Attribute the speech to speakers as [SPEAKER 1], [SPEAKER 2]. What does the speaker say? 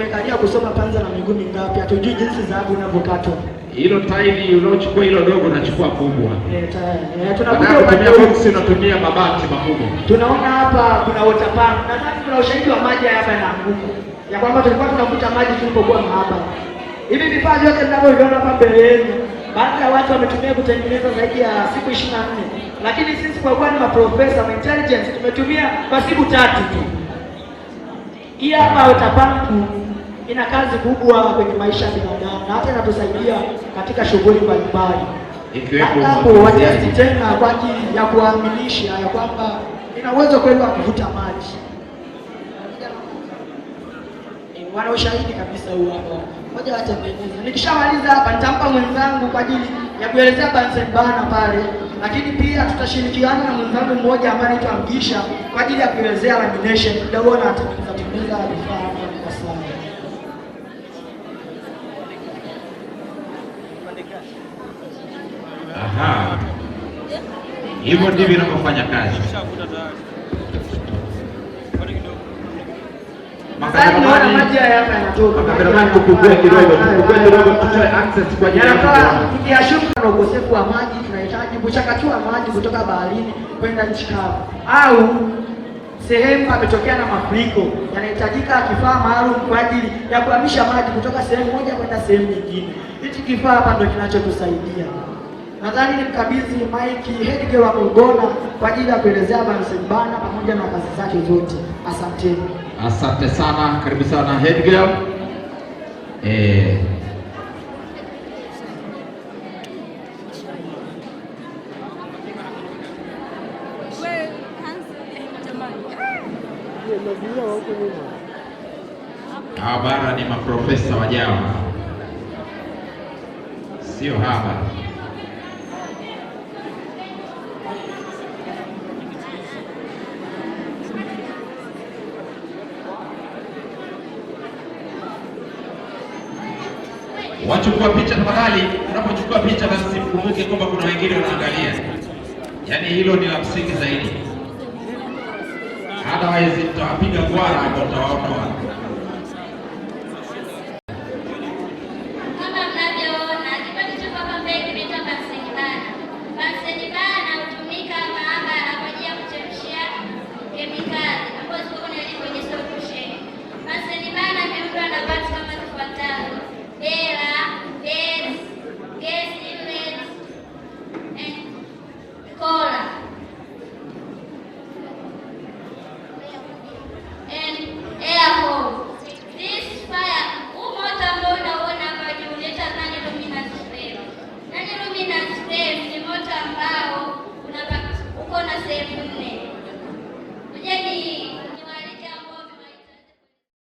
[SPEAKER 1] umekalia kusoma panza na miguu mingapi? Hatujui jinsi dhahabu inavyokatwa.
[SPEAKER 2] Hilo tairi unaochukua hilo dogo unachukua kubwa. Eh, tairi. Eh, Tunakuja kutumia box unatumia mabati makubwa.
[SPEAKER 1] Tunaona hapa kuna water pump. Nadhani kuna ushahidi wa maji hapa na nguvu. Ya kwamba tulikuwa tunakuta maji tulipokuwa hapa. Hivi vifaa vyote mnavyoviona hapa mbele yenu, baadhi ya watu wametumia kutengeneza zaidi ya siku 24. Lakini sisi kwa kuwa ni maprofesa wa intelligence tumetumia kwa siku tatu tu. Hii hapa water pump ina kazi kubwa kwenye maisha ya binadamu na hata inatusaidia katika shughuli mbalimbali. Hapo watesti tena kwa ajili ya kuaminisha ya kwamba ina uwezo kweli wa kuvuta maji, wana ushahidi kabisa huo hapa. Moja watengeneza, nikishamaliza hapa nitampa mwenzangu kwa ajili ya kuelezea Banzembana pale, lakini pia tutashirikiana na mwenzangu mmoja ambaye anaitwa Mgisha kwa ajili ya kuelezea lamination Ndio wana atengeneza vifaa
[SPEAKER 2] Hivyo ndivyo inavyofanya kazi.
[SPEAKER 1] Tukiashuka na ukosefu wa maji, tunahitaji kuchakachua maji kutoka baharini kwenda nchi kavu au sehemu ametokea na mafuriko, yanahitajika kifaa maalum kwa ajili ya kuhamisha maji kutoka sehemu moja kwenda sehemu nyingine. hiki kifaa hapa ndio kinachotusaidia nadhani nimkabidhi Mike Hedge wa Mugona kwa ajili ya kuelezea Bansegbana pamoja na kazi zake zote. Asanteni,
[SPEAKER 2] asante sana, karibu sana Hedge. Eh, hawa ni maprofesa wajawa, sio haba Wachukua picha tafadhali. Unapochukua picha, basi kumbuke kwamba kuna wengine wanaangalia, yaani hilo ni la msingi zaidi, otherwise mtawapiga gwara hapo, mtawaondoa.